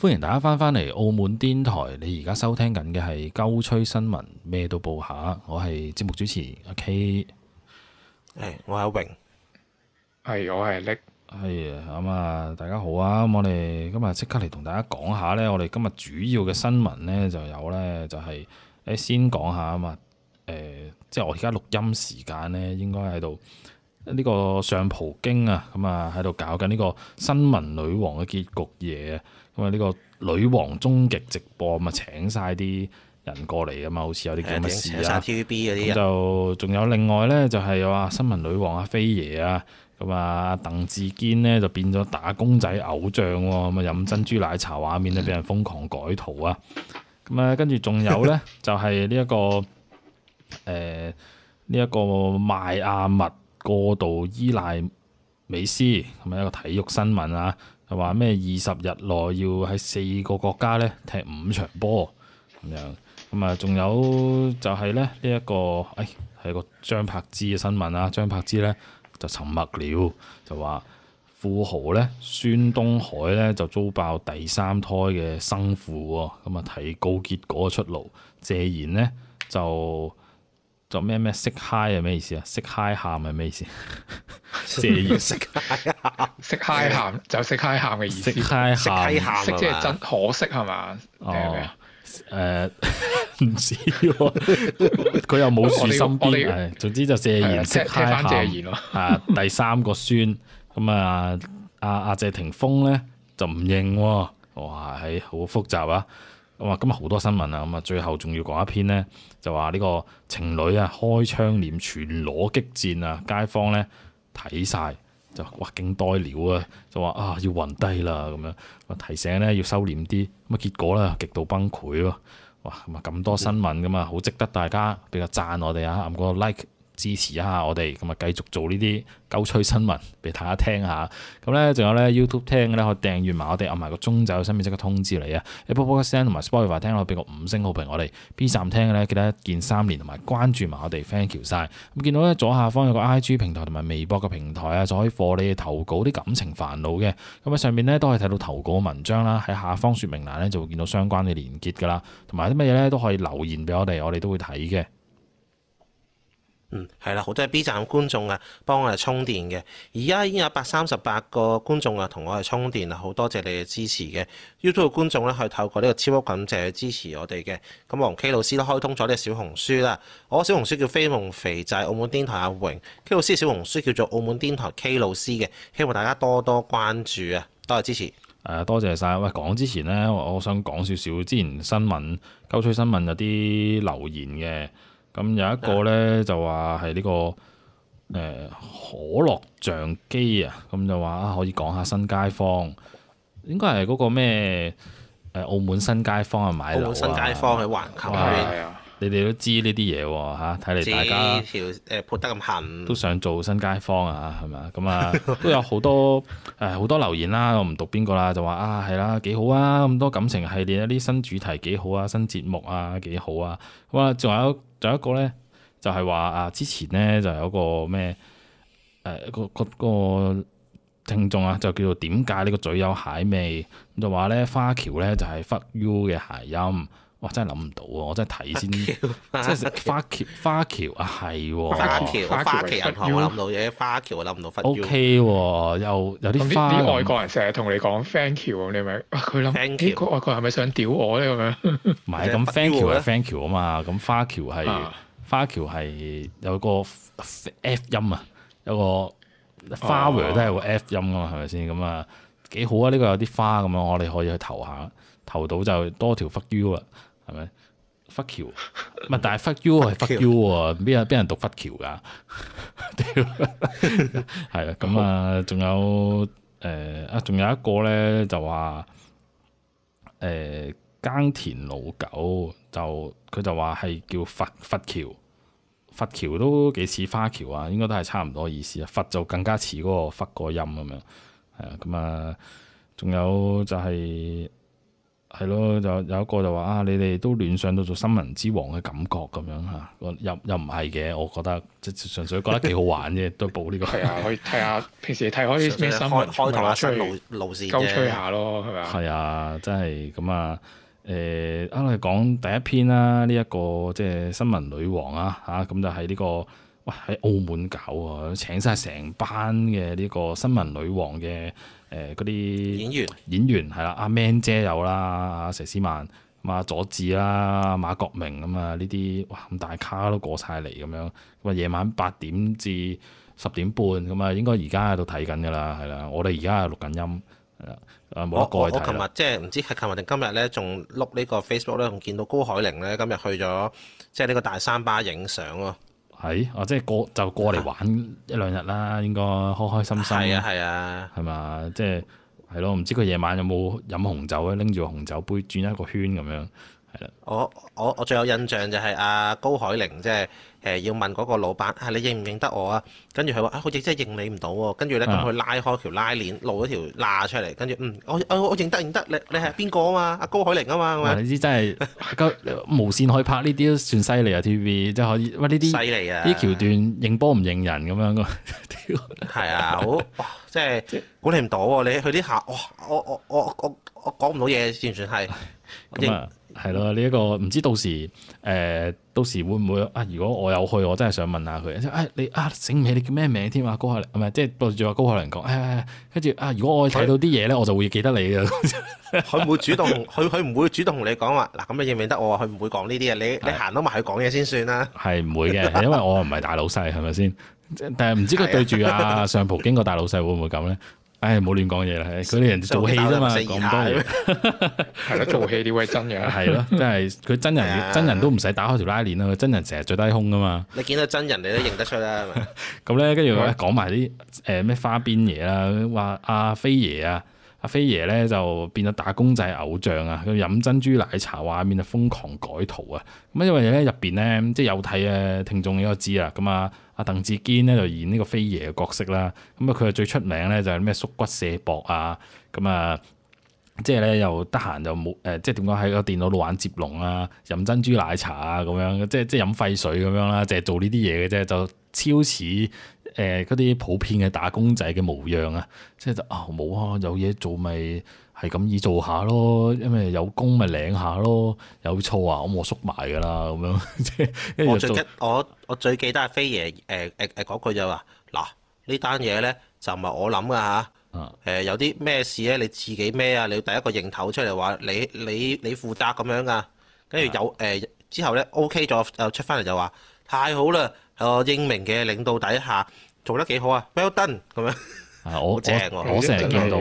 歡迎大家翻返嚟澳門電台，你而家收聽緊嘅係《鳩吹新聞》，咩都報下。我係節目主持阿 K，誒、哎，我係阿榮，係我係 Nick 係咁啊，大家好啊、嗯！我哋今日即刻嚟同大家講下呢。我哋今日主要嘅新聞呢，就有呢就係、是、誒，你先講下啊嘛、嗯呃，即係我而家錄音時間呢，應該喺度。呢個上葡京啊，咁啊喺度搞緊呢個新聞女王嘅結局夜，咁啊呢個女王終極直播咁啊、嗯、請晒啲人過嚟啊嘛，好似有啲咁嘅事啊。TVB 啲、嗯。咁、嗯嗯嗯、就仲有另外咧，就係、是、有新聞女王阿飛爺啊，咁啊鄧智堅咧就變咗打工仔偶像喎、啊，咁啊飲珍珠奶茶畫面咧俾人瘋狂改圖啊，咁啊跟住仲有咧就係呢一個誒呢一個邁阿密。過度依賴美斯咁啊，一個體育新聞啊，就話咩二十日內要喺四個國家咧踢五場波咁樣。咁啊，仲有就係咧呢一個，誒係個張柏芝嘅新聞啊。張柏芝咧就沉默了，就話富豪咧孫東海咧就遭爆第三胎嘅生父喎。咁啊，提告結果出爐，謝賢呢，就。做咩咩？識嗨係咩意思啊？識嗨喊係咩意思？謝賢識嗨喊，識嗨喊就識嗨喊嘅意思。識嗨喊，即係真可惜係嘛？是是哦，誒，唔知佢又冇住身邊。總之就謝賢識嗨喊。啊，第三個孫咁啊，阿阿謝霆鋒咧就唔認喎，啊。哇，係好複雜啊！我話今日好多新聞啊，咁啊最後仲要講一篇咧，就話呢個情侶啊開窗簾全裸激戰啊，街坊咧睇晒，就哇驚呆了啊，就話啊要暈低啦咁樣，提醒咧要收斂啲，咁啊結果咧極度崩潰咯，哇咁啊咁多新聞㗎嘛，好值得大家比較讚我哋啊，按、嗯、個 like。支持一下我哋，咁啊繼續做呢啲鳩吹新聞俾大家聽下。咁咧，仲有咧 YouTube 聽嘅咧，可以訂閱埋我哋，按埋個鐘就有上面即刻通知你啊。Apple Podcast 同埋 Spotify 聽我俾個五星好評我，我哋 B 站聽嘅咧，記得一鍵三連同埋關注埋我哋 Thank you 晒！咁見到咧左下方有個 IG 平台同埋微博嘅平台啊，就可以幫你哋投稿啲感情煩惱嘅。咁啊上面咧都可以睇到投稿嘅文章啦，喺下方說明欄咧就會見到相關嘅連結噶啦，同埋啲乜嘢咧都可以留言俾我哋，我哋都會睇嘅。嗯，係啦，好多 B 站觀眾啊，幫我哋充電嘅。而家已經有百三十八個觀眾啊，同我哋充電啦，好多謝你嘅支持嘅。YouTube 觀眾咧、啊，可透過呢個超級感謝去支持我哋嘅。咁我同 K 老師都、啊、開通咗呢個小紅書啦。我小紅書叫飛夢肥仔，就是、澳門癲台阿榮。K 老師小紅書叫做澳門癲台 K 老師嘅，希望大家多多關注啊，多謝支持。誒、啊，多謝晒！喂，講之前咧，我想講少少之前新聞、鳩吹新聞有啲留言嘅。咁有一個咧就話係呢個誒、呃、可樂象機啊，咁就話啊可以講下新街坊，應該係嗰個咩、呃、澳門新街坊啊咪？澳門新街坊喺環球嗰邊。你哋都知呢啲嘢喎吓，睇嚟大家誒潑得咁痕，都想做新街坊啊，係咪咁啊，都有好多誒好、 呃、多留言啦，我唔讀邊個啦，就話啊係啦，幾、啊、好啊，咁多感情系列一啲新主題幾好啊，新節目啊幾好啊，咁啊仲有仲有一個咧，就係、是、話啊之前咧就有一個咩誒、呃、個個個聽眾啊，就叫做點解呢、這個嘴有蟹味，就話咧花橋咧就係、是、fuck you 嘅諧音。哇！真係諗唔到啊！我真係睇先，即係花橋花橋啊，係花橋花旗銀行，我諗唔到嘢，花橋我諗唔到忽 U。O.K.，又有啲外國人成日同你講 thank you，你咪佢諗啲外國人係咪想屌我咧咁樣？唔係咁，thank you 係 thank you 啊嘛。咁花橋係花橋係有個 F 音啊，有個 flower 都係有個 F 音啊嘛，係咪先？咁啊幾好啊！呢個有啲花咁樣，我哋可以去投下，投到就多條忽 U 啦。係咪佛橋唔係，但係佛 U 係佛 U 喎，邊有邊人讀佛橋噶？係、呃、啦，咁啊，仲有誒啊，仲有一個咧，就話誒、呃，耕田老狗就佢就話係叫佛佛橋，佛橋都幾似花橋啊，應該都係差唔多意思啊。佛就更加似嗰個佛個音咁樣，係啊，咁、嗯、啊，仲、嗯嗯、有就係、是。係咯，就有一個就話啊，你哋都聯想到做新聞之王嘅感覺咁樣嚇，又又唔係嘅，我覺得即係純粹覺得幾好玩啫， 都報呢、這個。係啊，可以睇下 平時睇可以咩新聞，咪話吹路線鳩吹下咯，係咪啊？係、呃、啊，真係咁啊！誒，啱啱講第一篇啦，呢、這、一個即係新聞女王啊，嚇咁就喺呢、這個，哇喺澳門搞啊，請晒成班嘅呢個新聞女王嘅。誒嗰啲演員，演員係啦，阿、啊、Man 姐有啦，阿佘詩曼，嘛、啊、佐治啦、啊，馬國明咁啊，呢啲哇咁大卡都過晒嚟咁樣。咁啊夜晚八點至十點半，咁啊應該而家喺度睇緊㗎啦，係、啊、啦。我哋而家係錄緊音，係、啊、啦，冇、啊、一個去睇。我我我琴日即係唔知係琴日定今日咧，仲碌呢個 Facebook 咧，仲見到高海寧咧今日去咗即係呢個大三巴影相喎。係，哦、啊，即係過就過嚟玩一兩日啦，應該開開心心。係啊，係啊，係嘛，即係係咯，唔知佢夜晚有冇飲紅酒咧，拎住個紅酒杯轉一個圈咁樣。 我我我最有印象就係阿高海寧，即係誒要問嗰個老闆，係、啊、你認唔認得我啊？跟住佢話啊，好似真係認你唔到喎。跟住咧咁佢拉開條拉鏈露條，露咗條罅出嚟，跟住嗯，我我我認得認得你，你係邊個啊？嘛、啊，阿高海寧啊？嘛、嗯，你知真係、啊、無線可以拍呢啲都算犀利啊！TVB 即係可以喂呢啲犀利啊！呢啲橋段認波唔認人咁樣㗎，係 啊，好即係管理唔到喎，你佢啲客我我我我我講唔到嘢，算唔算係係咯，呢一、這個唔知到時，誒、呃、到時會唔會啊？如果我有去，我真係想問下佢。即、哎、你啊，醒唔起你，你叫咩名添啊？高海唔係即係對住阿高海玲講。跟、哎、住啊，如果我睇到啲嘢咧，他我就會記得你啊。佢他 唔會主動，佢佢唔會主動同你講話。嗱、啊，咁你認唔認得我？佢唔會講呢啲嘅。你是你行到埋去講嘢先算啦。係唔是 會嘅，因為我唔係大老細，係咪先？但係唔知佢對住阿上葡京個大老細會唔會咁咧？唉，冇亂講嘢啦，佢哋人做戲啫嘛，講咁多嘢，係咯 做戲呢位真嘅，係 咯， 真係佢真人，真人都唔使打開條拉鏈啦，佢真人成日最低胸噶嘛。你見到真人你都認得出啦，咁咧跟住講埋啲誒咩花邊嘢啦，話阿飛爺啊。阿飛爺咧就變咗打工仔偶像啊！佢飲珍珠奶茶畫面就瘋狂改圖啊！咁因為咧入邊咧即係有睇啊，聽眾應該知啦。咁啊，阿鄧智堅咧就演呢個飛爺嘅角色啦。咁啊，佢係最出名咧就係咩縮骨卸膊啊！咁啊，即係咧又得閒就冇誒、呃，即係點講喺個電腦度玩接龍啊，飲珍珠奶茶啊，咁樣即係即係飲廢水咁樣啦，就係做呢啲嘢嘅啫，就超似～誒嗰啲普遍嘅打工仔嘅模樣啊，即係就啊冇啊，有嘢做咪係咁易做下咯，因為有工咪領下咯，有錯啊咁我縮埋噶啦咁樣即我最我。我最記、呃呃呃、我我最記得阿飛爺誒誒誒嗰句就話嗱呢單嘢咧就唔係我諗噶嚇，誒有啲咩事咧你自己咩啊？你要第一個認頭出嚟話你你你負責咁樣噶，跟住有誒、呃、之後咧 O K 咗又出翻嚟就話太好啦，喺我英明嘅領導底下。做得幾好啊？Well done 咁樣。啊，我我成日見到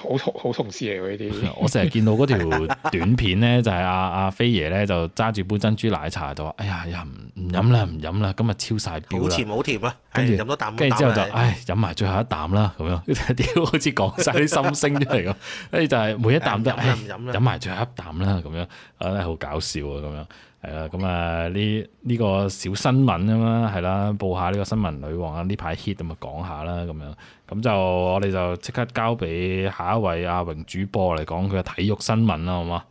好好同事嚟嘅呢啲。我成日見到嗰條短片咧，就係阿阿飛爺咧就揸住杯珍珠奶茶，就話：哎呀，呀唔唔飲啦，唔飲啦，今日超晒標，好甜，好甜啊！」跟住飲多啖。跟住之後就，唉，飲埋最後一啖啦，咁樣。屌，好似講晒啲心聲出嚟咁。跟住就係每一啖都，唉，唔飲飲埋最後一啖啦，咁樣，係好搞笑啊，咁樣。係啦，咁啊呢呢個小新聞啊嘛，係、嗯、啦、嗯，報下呢個新聞女王啊呢排 hit 咁、嗯、啊講下啦，咁樣咁就我哋就即刻交俾下一位阿榮主播嚟講佢嘅體育新聞啦，好嗎？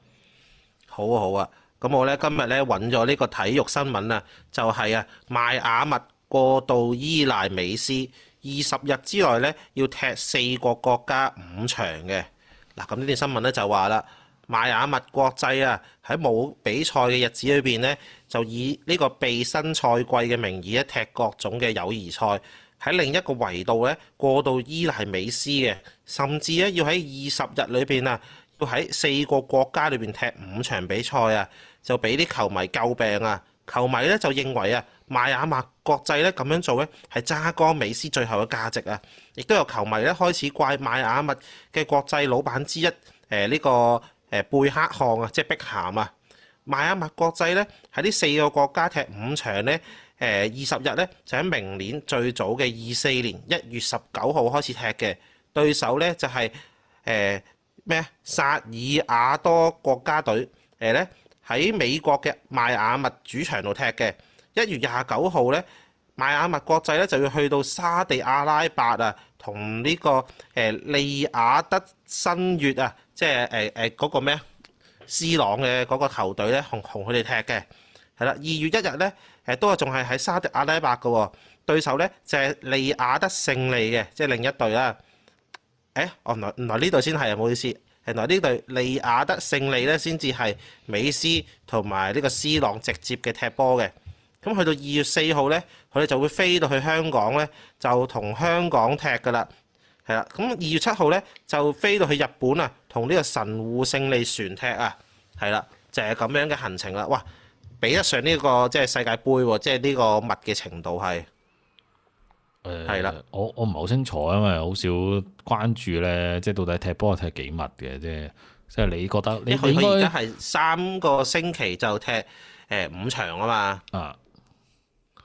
好啊好啊，咁、啊、我咧今日咧揾咗呢個體育新聞、就是，啊，就係啊，邁阿密過度依賴美斯，二十日之內咧要踢四個國家五場嘅，嗱咁呢段新聞咧就話啦。邁阿密國際啊，喺冇比賽嘅日子裏邊咧，就以呢個備新賽季嘅名義咧踢各種嘅友誼賽，喺另一個維度咧過度依賴美斯嘅，甚至咧要喺二十日裏邊啊，要喺四個國家裏邊踢五場比賽啊，就俾啲球迷詬病啊！球迷咧就認為啊，邁阿密國際咧咁樣做咧係榨乾美斯最後嘅價值啊，亦都有球迷咧開始怪邁阿密嘅國際老闆之一誒呢、呃這個。誒貝克漢啊，即係碧咸啊，邁阿密國際咧喺呢四個國家踢五場咧，誒二十日咧就喺明年最早嘅二四年一月十九號開始踢嘅，對手咧就係誒咩薩爾瓦多國家隊，誒咧喺美國嘅邁阿密主場度踢嘅，一月廿九號咧邁阿密國際咧就要去到沙地阿拉伯啊，同呢、這個誒、呃、利雅德新月啊。即係誒誒嗰個咩啊？斯朗嘅嗰個球隊咧，同同佢哋踢嘅係啦。二月一日咧，誒都係仲係喺沙特阿拉伯嘅喎。對手咧就係利雅得勝利嘅，即係另一隊啦。誒，哦，原來原來呢隊先係啊，唔好意思。原來呢隊利雅得勝利咧先至係美斯同埋呢個斯朗直接嘅踢波嘅。咁去到二月四號咧，佢哋就會飛到去香港咧，就同香港踢㗎啦。係啦，咁二月七號咧就飛到去日本啊，同呢個神戶勝利船踢啊，係啦，就係、是、咁樣嘅行程啦。哇，比得上呢個即係世界盃，即係呢個密嘅程度係。誒、欸，係啦了，我我唔係好清楚，因為好少關注咧，即係到底踢波踢幾密嘅啫。即係你覺得，你可以而家係三個星期就踢誒五場啊嘛。啊，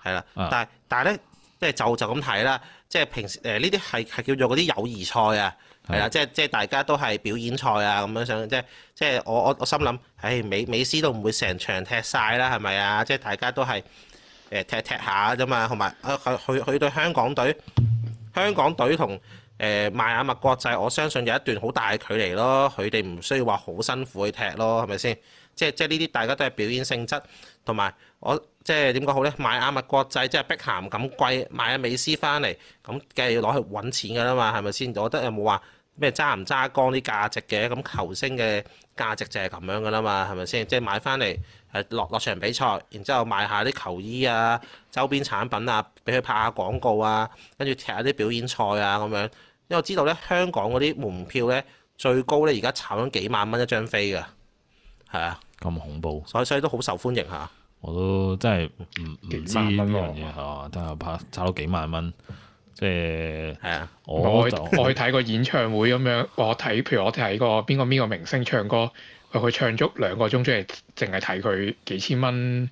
係啦了、啊，但係但係咧。即係就就咁睇啦，即係平時誒呢啲係係叫做嗰啲友誼賽啊，係啊的，即係即係大家都係表演賽啊咁樣想啫。即係我我我心諗，唉、哎，美美斯都唔會成場踢晒啦，係咪啊？即係大家都係誒、呃、踢踢下啫嘛。同埋啊，佢佢佢對香港隊，香港隊同誒邁阿密國際，我相信有一段好大嘅距離咯。佢哋唔需要話好辛苦去踢咯，係咪先？即係即係呢啲大家都係表演性質，同埋我。即係點講好咧？買邁阿密國際即係碧咸咁貴，買阿美斯翻嚟咁，梗係要攞去揾錢噶啦嘛，係咪先？我覺得有冇話咩揸唔揸光啲價值嘅？咁球星嘅價值就係咁樣噶啦嘛，係咪先？即係買翻嚟落落場比賽，然之後賣下啲球衣啊、周邊產品啊，俾佢拍下廣告啊，跟住踢下啲表演賽啊咁樣。因為我知道咧，香港嗰啲門票咧最高咧而家炒緊幾萬蚊一張飛㗎，係啊，咁恐怖，所以所以都好受歡迎嚇。我都真係唔唔蚊呢真嘢係怕差到幾萬蚊，即係我我就我去睇 個演唱會咁樣，我睇譬如我睇個邊個邊個明星唱歌，佢唱足兩個鐘，即係淨係睇佢幾千蚊，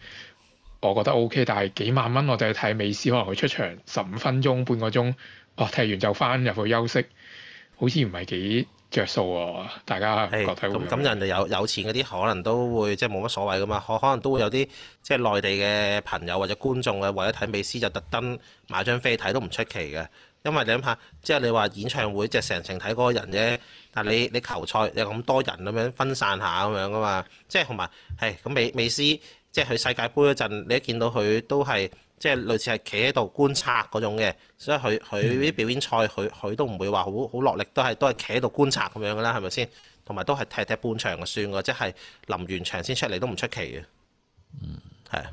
我覺得 OK。但係幾萬蚊我就要睇美斯，可能佢出場十五分鐘半個鐘，我睇完就翻入去休息，好似唔係幾着數喎，大家係咁咁，就人哋有有錢嗰啲可能都會即係冇乜所謂噶嘛，可可能都會有啲即係內地嘅朋友或者觀眾啊，為咗睇美斯就特登買張飛睇都唔出奇嘅。因為你諗下，即係你話演唱會即係成程睇嗰個人啫，但係你你球賽有咁多人咁樣分散下咁樣噶嘛，即係同埋係咁美美斯即係去世界盃嗰陣，你一見到佢都係。即係類似係企喺度觀察嗰種嘅，所以佢佢啲表演賽，佢佢都唔會話好好落力，都係都係企喺度觀察咁樣噶啦，係咪先？同埋都係踢踢半場就算嘅，即係臨完場先出嚟都唔出奇嘅。嗯，係啊。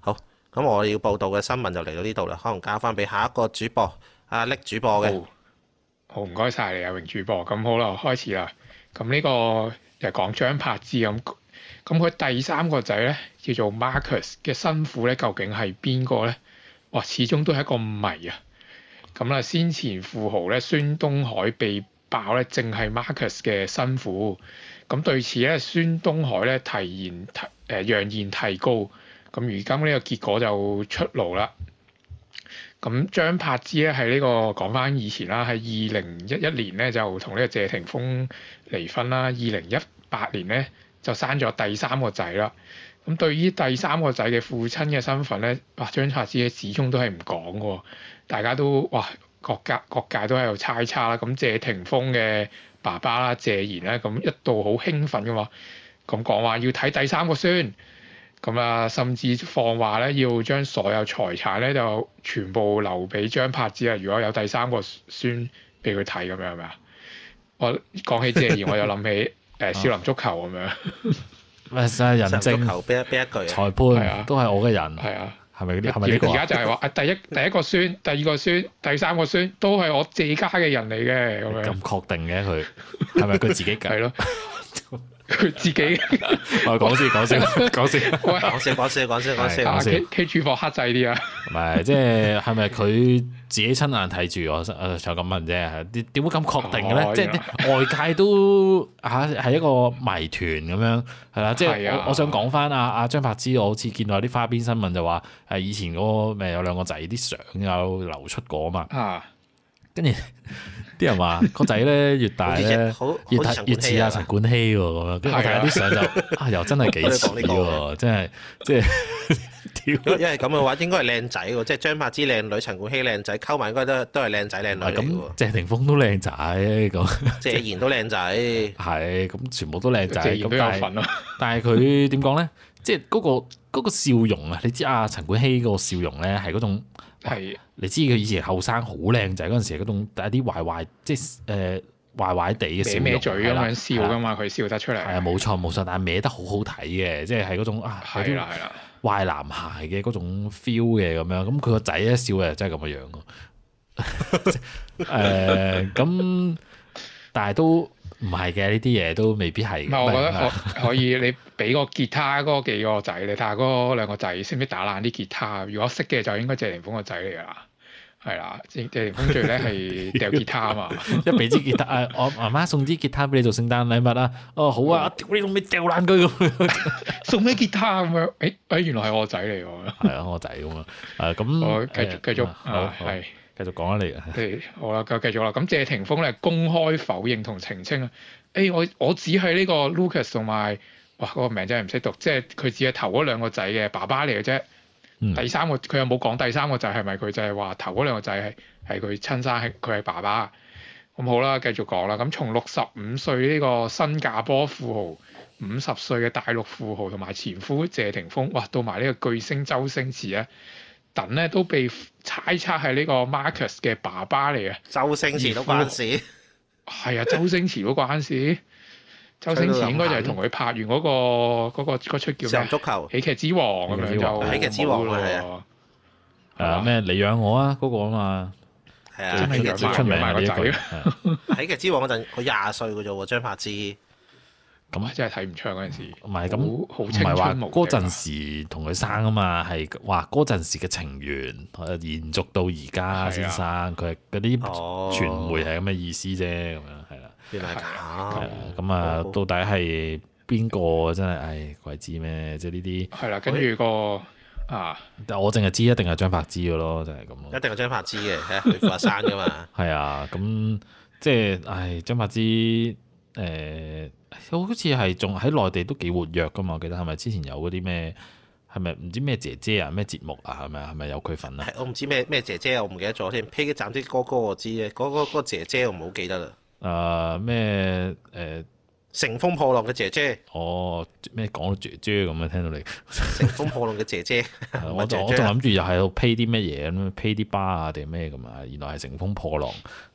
好，咁我要報道嘅新聞就嚟到呢度啦，可能交翻俾下一個主播阿叻、啊、主播嘅。好唔該晒你啊，榮主播。咁好啦，開始啦。咁呢個就係講張柏芝咁。咁佢第三個仔咧叫做 Marcus 嘅生父咧，究竟係邊個咧？哇，始終都係一個謎啊！咁啦，先前富豪咧孫東海被爆咧正係 Marcus 嘅生父。咁對此咧孫東海咧提言提誒、呃、揚言提高咁，如今呢個結果就出爐啦。咁張柏芝咧係呢、呢個講翻以前啦，喺二零一一年咧就同呢個謝霆鋒離婚啦，二零一八年咧，就生咗第三個仔啦。咁對於第三個仔嘅父親嘅身份咧，哇，張柏芝始終都係唔講嘅喎。大家都哇，各界各界都喺度猜測啦。咁謝霆鋒嘅爸爸啦，謝賢咧，咁一度好興奮嘅嘛，咁講話要睇第三個孫。咁啊，甚至放話咧要將所有財產咧就全部留俾張柏芝啊。如果有第三個孫俾佢睇咁樣，係咪啊？我講起謝賢，我又諗起。 誒，少林足球咁樣，咩？就係人證、裁判都係我嘅人，係啊，係咪嗰啲？而而家就係話，誒，第一、第一個孫、第二個孫、第三個孫都係我自己家嘅人嚟嘅，咁樣咁確定嘅佢，係咪佢自己？係咯，佢自己。我講先，講先，講先，講先，講先，講先，講先。K 主播黑制啲啊！唔係，即係係咪佢？自己親眼睇住我，就咁問啫。點點會咁確定嘅咧？哦、即係外界都嚇係一個謎團咁樣，係啦。即係我想講翻阿阿張柏芝，我好似見到啲花邊新聞就話，係以前嗰、嗰個咪有兩個仔，啲相有流出過啊嘛。跟住啲人話個仔咧越大咧，越越似阿陳冠希喎。咁樣跟住睇啲相就啊，又真係幾似喎，真係 即係。即因因為咁嘅話，應該係靚仔嘅，即係張柏芝靚女，陳冠希靚仔，嗯嗯、仔，溝埋應該都都係靚仔靚女咁喎。謝霆鋒都靚仔，咁謝賢都靚仔，係咁全部都靚仔咁、啊。但係佢點講咧？即係嗰、嗰個、嗰個笑容，啊，笑容的啊！你知啊，陳冠希個笑容咧係嗰種係。你知佢以前後生好靚仔嗰陣時，嗰種帶啲壞壞，即係誒壞壞地嘅歪嘴係啦，咁樣笑噶嘛，佢, 啦笑得出嚟。係啊，冇錯冇錯，但係歪得好好睇嘅，即係係嗰種啊，係啦係啦。壞男孩嘅嗰種 feel 嘅咁樣，咁佢個仔一笑又真係咁嘅樣咯。誒，咁但係都唔係嘅，呢啲嘢都未必係。不不我覺得我可以， 你俾個吉他嗰幾個仔，你睇下嗰兩個仔識唔識打爛啲吉他。如果識嘅就應該謝霆鋒個仔嚟啦。係啦，謝霆鋒最咧係掉吉他啊嘛，一俾支吉他，誒我媽媽送支吉他俾你做聖誕禮物啦。哦好啊，你老咩掉爛佢？送咩吉他咁樣？誒誒，原來係我仔嚟喎。係 啊，我仔咁啊，誒咁我繼續繼續，係繼續講啊你。係 好啦，咁繼續啦。咁謝霆鋒咧公開否認同澄清啊，誒、哎、我我只係呢個 Lucas 同埋，哇、那、嗰個名真係唔識讀，即係佢只係頭嗰兩個仔嘅爸爸嚟嘅啫。嗯、第三個佢又冇講，第三個仔係咪佢？就係話頭嗰兩個仔係係佢親生，係佢係爸爸咁好啦，繼續講啦。咁從六十五歲呢個新加坡富豪、五十歲嘅大陸富豪同埋前夫謝霆鋒，哇，到埋呢個巨星周星馳咧，等咧都被猜測係呢個 Marcus 嘅爸爸嚟嘅。周星馳都關事？係啊，周星馳都關事。周星馳應該就係同佢拍完嗰個嗰個嗰出叫《足球喜劇之王》咁樣，就喜劇之王咯，係啊，咩你養我啊嗰個啊嘛，係啊，最出名個仔。喜劇之王嗰陣佢廿歲嘅啫喎，張柏芝。咁啊，真係睇唔出嗰陣時。唔係咁，好似唔係話嗰陣時同佢生啊嘛，係哇嗰陣時嘅情緣延續到而家先生，佢係嗰啲傳媒係咁嘅意思啫咁樣。係啊，咁 啊，嗯、到底係邊個真係？唉、哎，鬼知咩？即係呢啲係啦。跟住、那個啊，啊我淨係知一定係張柏芝嘅咯，就係咁咯。一定係張柏芝嘅，係去佛山噶嘛？係啊， 咁即係唉，張、就是哎、柏芝誒、哎，好似係仲喺內地都幾活躍噶嘛？我記得係咪之前有嗰啲咩？係咪唔知咩姐姐啊？咩節目啊？係咪係咪有佢份啊？我唔知咩咩姐、姐姐，我唔記得咗添。先。呸！站啲哥哥我知咧，嗰個、那個姐姐、姐我唔好記得啦。啊咩誒，乘、呃呃、風破浪嘅姐姐哦，咩講到姐姐咁樣？聽到你乘 風破浪嘅姐姐，咳咳 我我仲諗住又喺度 pay 啲乜嘢咁，pay 啲巴啊定咩咁啊？原來係乘風破浪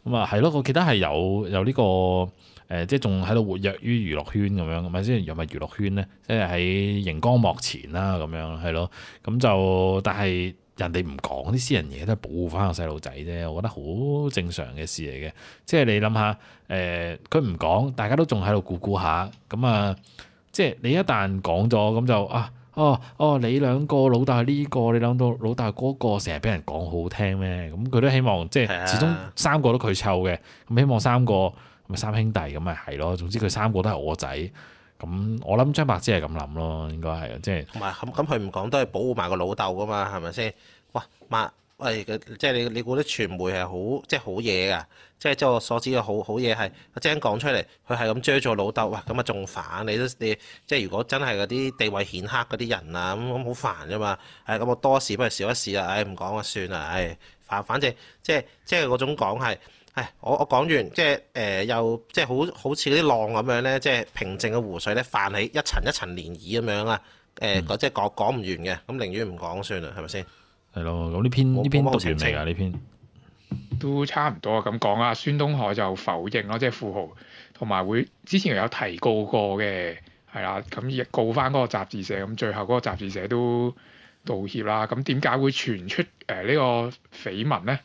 咁啊，係、嗯、咯、嗯，其他係有有呢、這個誒、呃，即係仲喺度活躍於娛樂圈咁樣，唔係先又咪娛樂圈咧，即係喺熒光幕前啦咁樣，係咯，咁、嗯、就、嗯、但係。人哋唔講啲私人嘢都係保護翻個細路仔啫，我覺得好正常嘅事嚟嘅。即係你諗下，誒佢唔講，大家都仲喺度估估下。咁啊，即係你一旦講咗，咁就啊，哦、啊、哦，你兩個老豆係呢個，你諗到老豆嗰、那個成日俾人講好聽咩？咁佢都希望即係始終三個都佢湊嘅，咁希望三個咪三兄弟咁咪係咯。總之佢三個都係我仔。咁我諗張柏芝係咁諗咯，應該係，即係同埋咁咁佢唔講都係保護埋個老豆噶嘛，係咪先？哇，麥喂，即係你你估啲傳媒係好即係好嘢啊？即係即係我所指嘅好好嘢係阿 j e 講出嚟，佢係咁追住老豆，哇，咁啊仲煩你都你即係如果真係嗰啲地位顯赫嗰啲人啊咁好煩啫嘛，係咁我多事不如少一事啦，唉唔講啊算啦，唉、哎、反反正即係即係我總講係。誒，我我講完，即係誒，又即係好好似啲浪咁樣咧，即係、呃、平靜嘅湖水咧泛起一層一層漣漪咁樣啊！誒、呃，即係講講唔完嘅，咁寧願唔講算啦，係咪先？係咯，咁呢篇呢我篇讀完未啊？呢篇都差唔多啊！咁講啊，孫東海就否認咯，即係富豪，同埋會之前有提告過嘅，係啦，咁亦告翻嗰個雜誌社，咁最後嗰個雜誌社都道歉啦。咁點解會傳出誒、呃呃這個、呢個緋聞咧？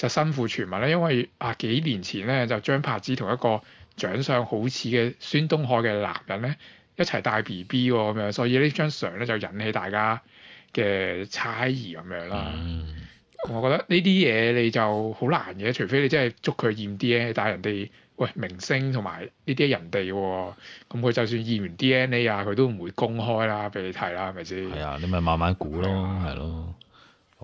就身負傳聞啦，因為啊幾年前咧就張柏芝同一個長相好似嘅孫東海嘅男人咧一齊帶 BB 喎咁樣，所以張呢張相咧就引起大家嘅猜疑咁樣啦。嗯、我覺得呢啲嘢你就好難嘅，除非你真係捉佢驗 DNA，但係人哋喂明星同埋呢啲人哋喎、喔，咁佢就算驗完 DNA 啊，佢都唔會公開啦，俾你睇啦，係咪先？係啊，你咪慢慢估咯，係咯、啊。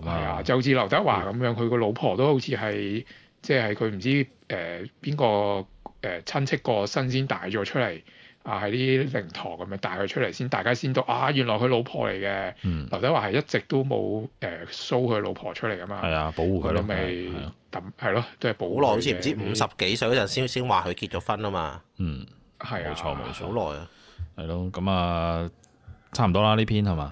係啊，就好似劉德華咁樣，佢個老婆都好似係即係佢唔知誒邊個誒親戚個新鮮帶咗出嚟啊，喺啲靈堂咁樣帶佢出嚟先，大家先到啊，原來佢老婆嚟嘅。劉德華係一直都冇誒 show 佢老婆出嚟噶嘛。係啊，保護佢咯。咁咪抌係咯，都係保耐，好似唔知五十幾歲嗰陣先先話佢結咗婚啊嘛。嗯，係啊，冇錯冇錯，好耐啊。係咯，咁啊，差唔多啦呢篇係嘛？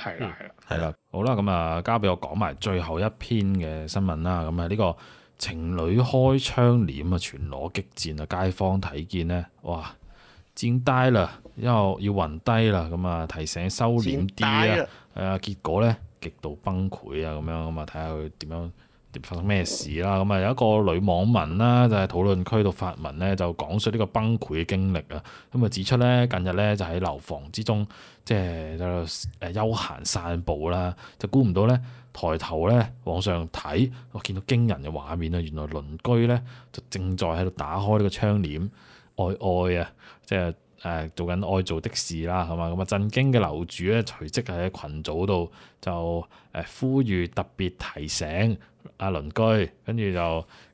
係啦，係啦，係啦，好啦，咁啊，交俾我講埋最後一篇嘅新聞啦。咁啊，呢個情侶開窗簾啊，全裸激戰啊，街坊睇見呢，哇，戰低啦，因為要暈低啦，咁啊，提醒收斂啲啊，誒，結果呢，極度崩潰啊，咁樣咁啊，睇下佢點樣。發生咩事啦？咁啊有一個女網民啦，就喺討論區度發文咧，就講述呢個崩潰嘅經歷啊。咁啊指出咧，近日咧就喺樓房之中，即係喺度誒休閒散步啦，就估唔到咧，抬頭咧往上睇，我見到驚人嘅畫面啊。原來鄰居咧就正在喺度打開呢個窗簾，愛愛啊，即係～誒做緊愛做的事啦，好嘛？咁啊震驚嘅樓主咧，隨即喺群組度就誒呼籲特別提醒阿、啊、鄰居，跟住就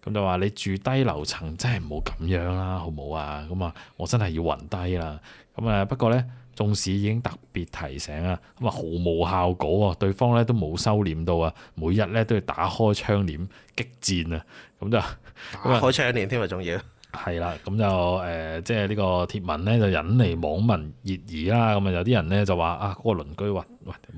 咁就話你住低樓層真係唔好咁樣啦，好唔好啊？咁啊，我真係要暈低啦。咁啊，不過咧，縱使已經特別提醒啊，咁啊毫無效果喎，對方咧都冇收斂到啊，每日咧都要打開窗簾激戰啊，咁就打開窗簾添啊，仲要。係啦，咁就誒、呃，即係呢個貼文咧，就引嚟網民熱議啦。咁啊，有啲人咧就話啊，嗰個鄰居話。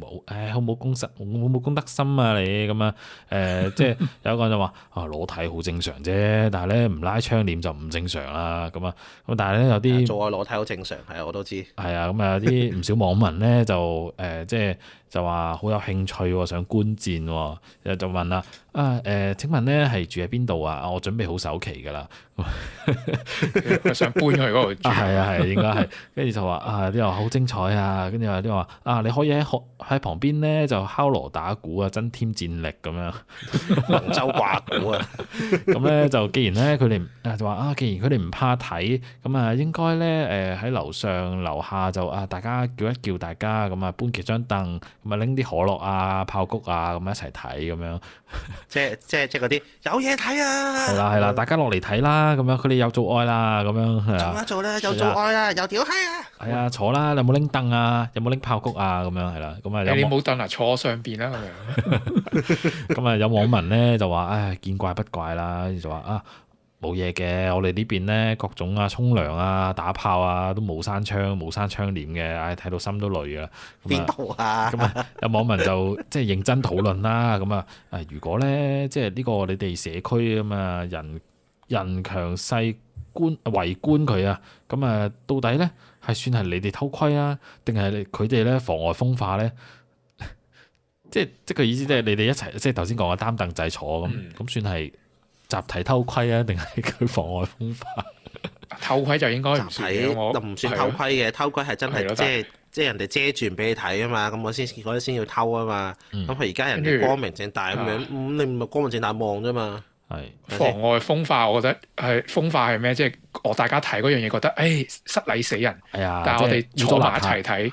冇，誒、哎，好冇公心，冇冇公德心啊你！你咁啊，誒、呃，即、就、係、是、有一個人就話，啊，裸體好正常啫，但係咧唔拉窗簾就唔正常啦，咁啊，咁但係咧有啲做下裸體好正常，係啊、嗯，我都知。係啊、嗯，咁啊有啲唔少網民咧就誒，即、嗯、係就話、是、好、就是、有興趣喎、啊，想觀戰喎、啊，就就問啦，啊誒、呃，請問咧係住喺邊度啊？我準備好首期㗎啦， 想搬去嗰度住 啊。啊，係啊係，應該係。跟住就話啊，呢話好精彩啊，跟住話啲話啊，你可以喺。 喺旁邊咧就敲鑼打鼓， 鼓啊，增添戰力咁樣，雲州掛鼓啊，咁咧就既然咧佢哋就話啊，既然佢哋唔怕睇，咁啊應該咧誒喺樓上樓下就啊大家叫一叫大家咁啊搬幾張凳，咁啊拎啲可樂啊、炮谷啊咁一齊睇咁樣， 即係即係即係嗰啲有嘢睇啊，係啦係啦，大家落嚟睇啦，咁樣佢哋有做愛啦、啊，咁樣做啦做啦，有做愛啊，有屌閪啊，係啊 坐啦，你有冇拎凳啊？有冇拎炮谷啊？咁樣係啦。咁啊！你冇凳啊，坐上邊啦咁樣。咁啊，有網民咧就話：唉，見怪不怪啦。就話啊，冇嘢嘅。我哋呢邊咧，各種啊，沖涼啊，打炮啊，都冇閂窗，冇閂窗簾嘅。唉，睇到心都累啊。邊度啊？咁啊，有網民就即係認真討論啦。咁啊，誒，如果咧，即係呢個你哋社區咁啊，人人強勢。圍觀圍觀佢啊，咁啊到底咧係算係你哋偷窺啊，定係佢哋咧妨礙風化咧？ 即係即係佢意思，即係你哋一齊，即係頭先講嘅擔凳仔坐咁，咁算係集體偷窺啊？定係佢妨礙風化？ 偷窺就應該集體我，就唔算偷窺嘅。的偷窺係真係的即係即係人哋遮住俾你睇啊嘛，咁我先我先要偷啊嘛。咁佢而家人哋光明正大咁樣，咁你唔係光明正大望啫嘛？係妨礙風化，我覺得係風化係咩？即係我大家睇嗰樣嘢，覺得誒、哎、失禮死人。係啊，但係我哋要坐埋一齊睇，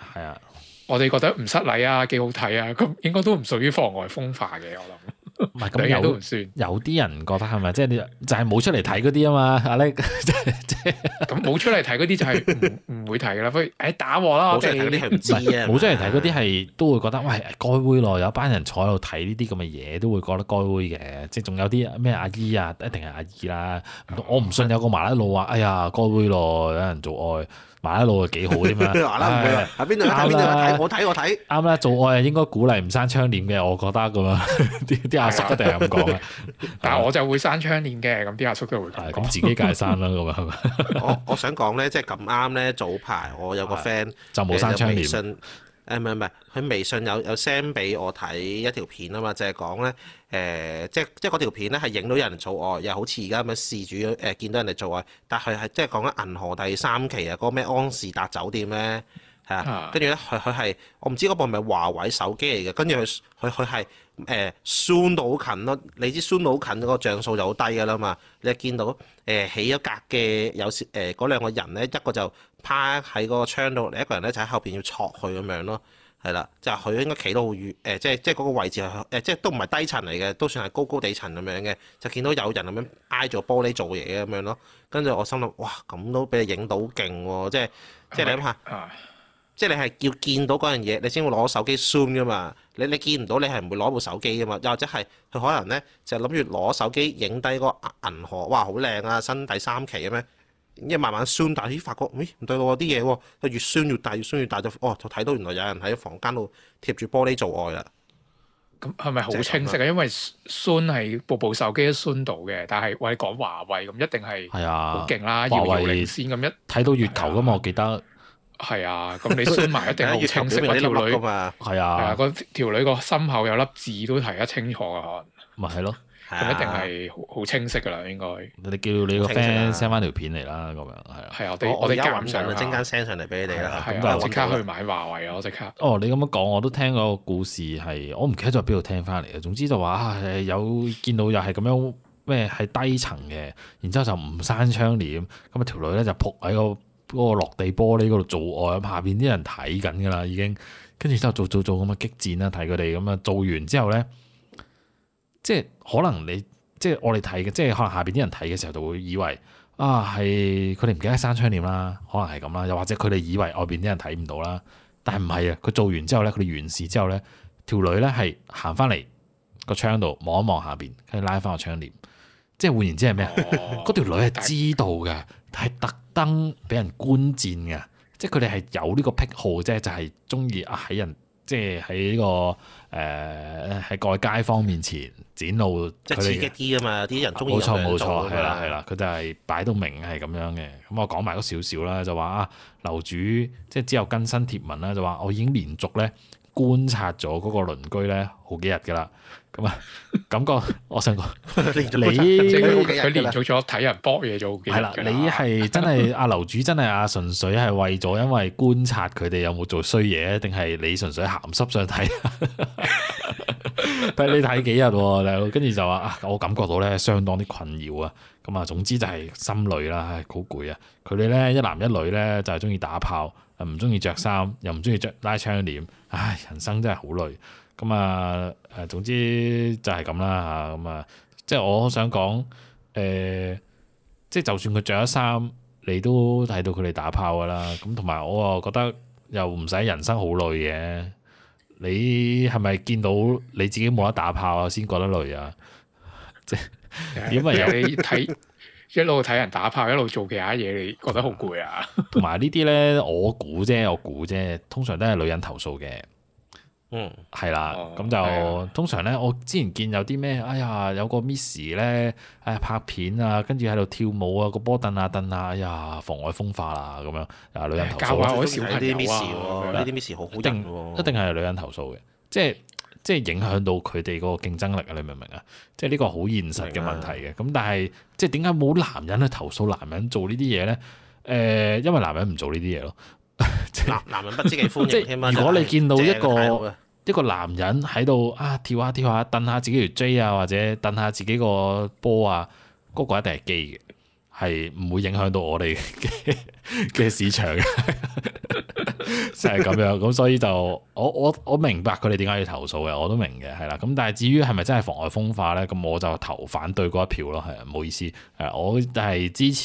我哋覺得唔失禮啊，幾好睇啊。咁應該都唔屬於妨礙風化嘅，我諗。唔係咁，有都算有，啲人覺得係咪即係就係、你、冇出嚟睇嗰啲啊嘛？阿叻即係咁冇出嚟睇嗰啲就係唔會睇噶啦， 不如誒打我啦，即係唔係冇出嚟睇嗰啲係都會覺得喂，該煨咯，有一班人坐喺度睇呢啲咁嘅嘢都會覺得該煨嘅，即仲有啲咩阿姨啊，一定係阿姨啦、啊。我唔信有個麻甩佬話，哎呀該煨咯，有人做愛麻甩佬又幾好添啊？係邊度睇邊度睇我睇看我睇啱啦，做愛應該鼓勵唔閂窗簾嘅，我覺得咁啊 阿叔一定係咁講嘅， 但係我就會閂窗簾嘅，咁啲阿叔都會咁 自己梗係閂啦，咁啊 ！我我想講咧，即係咁啱咧，早排我有個 friend 就冇閂窗簾，誒唔係唔係，佢微、哎、微信有有 send 俾我睇一條片啊嘛，就係講咧，誒、呃、即係即係嗰條片咧係影到有人做愛，又好似而家咁樣事主誒見到人哋做愛，但係係即係講緊銀河第三期啊，嗰、那個咩安士達酒店咧，係啊，跟住咧佢佢係我唔知嗰部係咪華為手機嚟嘅，跟住佢佢佢係。誒，zoom 到好近咯，你知 zoom 到好近，個像素就好低嘅啦嘛。你就見到誒、呃、起咗格嘅有誒嗰兩個人咧，一個就趴喺個窗度，另一個人咧就喺後邊要戳佢咁樣咯，係啦，就係佢應該企到好遠誒，即係即係嗰、嗰個位置係誒、呃，即係都唔係低層嚟嘅，都算係高高地層咁樣嘅，就見到有人咁樣挨住玻璃做嘢咁樣咯。跟住我心諗，哇，咁都俾你影到勁喎，即係即係你諗下？ 即係你係要見到嗰樣嘢，你先會攞手機 zoom 噶嘛。你你見唔到，你係唔會攞部手機噶嘛。又或者係佢可能咧就諗住攞手機影低個銀河，哇，好靚啊，新第三期嘅咩？一慢慢 zoom 大，咦發覺咦唔對路啲嘢喎。佢、啊、越 zoom 越大，越 zoom 越大就哦，就睇到原來有人喺房間度貼住玻璃做愛啦。咁係咪好清晰啊？因為 zoom 係部部手機都 zoom 到嘅，但係你講華為咁一定係好勁啦，遙遙、啊、領先咁一睇到月球噶嘛，我記得。係啊，咁你相埋一定好清晰嗰條女，係啊，係啊，個條女個心口有粒痣都睇得清楚啊，咪係咯，一定係好清晰噶啦，應該。你叫你個 friend send 翻條片嚟啦，咁樣。係啊。係啊，我哋而家上啦，即刻 send 上嚟俾你哋啦。係即刻去買華為啊！我即刻。哦，你咁樣講，我都聽個故事，係我唔記得咗喺邊度聽翻嚟嘅。總之就話係有見到又係咁樣咩，係低層嘅，然之後就唔閂窗簾，咁啊條女咧就仆喺個。嗰個落地玻璃嗰度做愛，下邊啲人睇緊噶啦，已經跟住之後做做做咁嘅激戰啦，睇佢哋咁樣做完之後咧，即係可能你即係我哋睇嘅，即係可能下邊啲人睇嘅時候就會以為啊，係佢哋唔記得閂窗簾啦，可能係咁啦，又或者佢哋以為外邊啲人睇唔到啦，但係唔係啊，佢做完之後咧，佢哋完事之後咧，條女咧係行翻嚟個窗度望一望下邊，跟住拉翻個窗簾。即係換言之係咩啊？嗰、哦、條女係知道嘅，係特登俾人觀戰嘅。即係佢哋係有呢個癖好，即就係中意喺人，即係喺呢個誒喺各位街坊面前展露。即刺激啲啊嘛！啲人中意。冇錯冇錯，係啦係啦，佢就係擺到明係咁樣嘅。咁我講埋嗰少少啦，就話啊，樓主即係之後更新貼文啦，就話我已經連續咧。觀察咗嗰個鄰居咧好幾日嘅啦，咁啊感覺我想講，你佢連續咗睇人搏嘢做幾日？係啦，你係真係阿樓主，真係阿純粹係為咗因為觀察佢哋有冇做衰嘢，定係你純粹鹹濕想睇？睇 你睇幾日喎，跟住就話啊，我感覺到咧相當啲困擾啊，咁啊，總之就係心累啦，好攰啊！佢哋咧一男一女咧就係中意打炮。唔中意着衫，又唔中意着拉窗簾，唉，人生真係好累。咁啊，誒，總之就係咁啦吓。咁、嗯、啊，即係我想講，誒、呃，即係就算佢着咗衫，你都睇到佢哋打炮噶啦。咁同埋我啊覺得又唔使人生好累嘅。你係咪見到你自己冇得打炮啊，先覺得累啊？即係，因為你睇。 一路睇人打炮，一路做其他嘢，你覺得好攰啊？同 埋呢啲咧，我估啫，我估啫，通常都係女人投訴嘅。嗯，係啦，咁、嗯、就、嗯、通常咧，我之前見有啲咩，哎呀，有個 miss 咧，哎拍片啊，跟住喺度跳舞啊，個波凳啊凳啊，哎呀妨礙、啊啊、風化啊，咁樣啊，女人投訴。教下啲小朋友、啊，呢啲 miss，呢啲 miss 好好人喎、啊，一定係女人投訴嘅，即係。即係影響到佢哋個競爭力啊！你明唔明啊？即係呢個好現實嘅問題嘅。咁但係即係點解冇男人去投訴男人做呢啲嘢呢？誒、呃，因為男人唔做呢啲嘢咯。男 是男人不知幾歡迎。即是如果你見到一個一個男人喺度啊跳下跳下，掟下自己條 J 啊，或者掟下自己個波啊，嗰、那個一定係機嘅，係唔會影響到我哋嘅 市場嘅。 就係咁樣，咁所以就我我我明白佢哋點解要投訴嘅，我都明嘅，係啦。咁但係至於係咪真係妨礙風化咧？咁我就投反對嗰一票咯，係，唔好意思。誒，我係支持，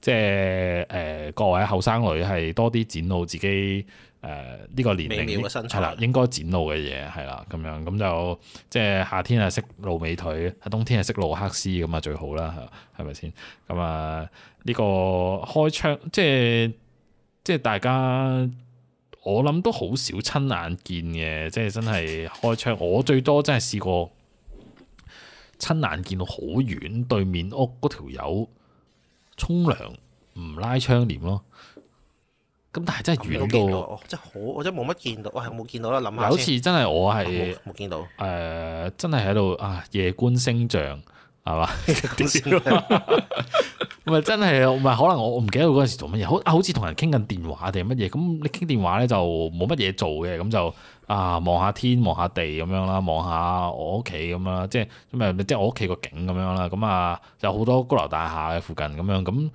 即係誒、呃，各位後生女係多啲展露自己誒呢、呃這個年齡係啦，應該展露嘅嘢係啦，咁樣咁就即係夏天係識露美腿，冬天係識露黑絲咁啊，最好啦，係咪先？咁啊，呢、這個開窗即係即係大家。我諗都好少親眼見嘅，即係真係開窗。我最多真係試過親眼見到好遠對面屋嗰條友沖涼唔拉窗簾咯。咁但係真係遠到，即係好，我真係冇乜見到。我係冇見到啦，諗下。好似真係我係冇見到，誒、呃，真係喺度啊，夜觀星象係嘛？ 咪真係，唔係 可能我我唔記得嗰陣時做乜嘢，好啊，好似同人傾緊電話定乜嘢？咁你傾電話咧就冇乜嘢做嘅，咁就啊望下天，望下地咁樣啦，望下我屋企咁樣啦，即係咁啊，即係我屋企個景咁樣啦。咁啊，有好多高樓大廈喺附近咁樣，咁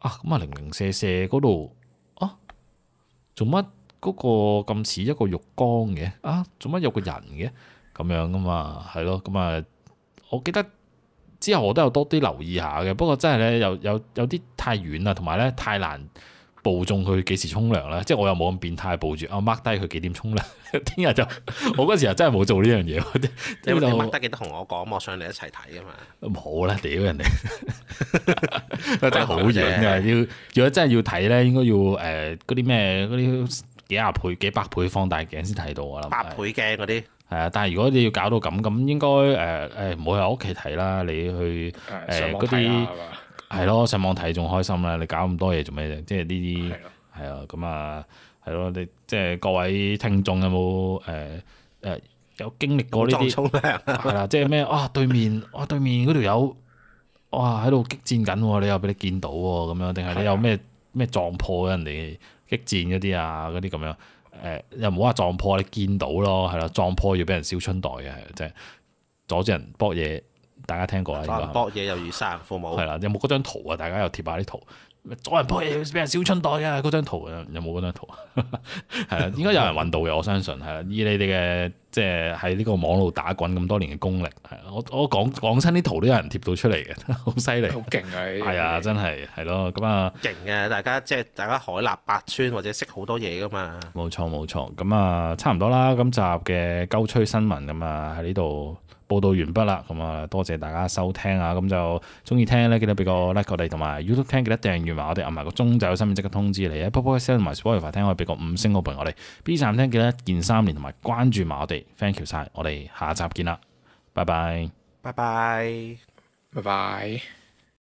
啊咁啊零零舍舍嗰度，啊，做乜嗰個咁似一個浴缸嘅？啊，做乜有個人嘅？咁樣噶嘛，係咯，咁啊，我記得。之後我都有多啲留意下嘅，不過真係咧有有有啲太遠啊，同埋咧太難捕捉佢幾時沖涼啦。即係我又冇咁變態捕住，捕捉我 mark 低佢幾點沖涼，聽日就我嗰時又真係冇做呢樣嘢。即係 mark 得幾多同我講，我上嚟一齊睇啊嘛。冇啦，屌人哋 真係好遠嘅，要如果真係要睇咧，應該要誒嗰啲咩嗰啲幾廿倍、幾百倍放大鏡先睇到啊！百倍鏡嗰啲。係啊，但係如果你要搞到咁，咁應該誒誒唔好喺屋企睇啦，你去誒嗰啲係咯，上網睇仲開心啦！你搞咁多嘢做咩啫？即係呢啲係啊，咁啊係咯，你即係各位聽眾有冇誒誒有經歷過呢啲係啦，即係咩啊對面啊 對面嗰條友哇喺度激戰緊喎，你又俾你見到喎，咁樣定係你有咩咩撞破人哋激戰嗰啲啊嗰啲咁樣？誒、哎、又冇話撞破，你見到咯，係咯，撞破要俾人燒春袋嘅，即係阻止人博嘢。大家聽過啊？人博嘢又如殺人父母係啦，有冇嗰張圖啊？大家又貼下啲圖。左人破俾人小春袋啊？嗰張圖，有冇嗰張圖啊？係 啊，應該有人搵到嘅，我相信係。以你哋嘅即係喺呢個網路打滾咁多年嘅功力，係，我我講講親啲圖都有人貼到出嚟嘅，好犀利，好勁 啊！係啊，真係係咯，咁啊，勁啊！大家即係大家海納百川或者識好多嘢噶嘛。冇錯冇錯，咁啊差唔多啦，今集嘅鳩吹新聞啊嘛，喺呢度。報道完畢啦，咁啊多謝大家收聽啊，咁就中意聽咧，記得俾個 like 我哋，同埋 YouTube 聽記得訂閱埋我哋，按埋個鐘就有新片即刻通知你啊！Apple Podcast 同埋 Spotify 聽我哋俾個五星好評俾我哋，B 站聽記得一鍵三連同埋關注埋我哋，thank you 晒！我哋下集見啦，拜拜，拜拜，拜拜。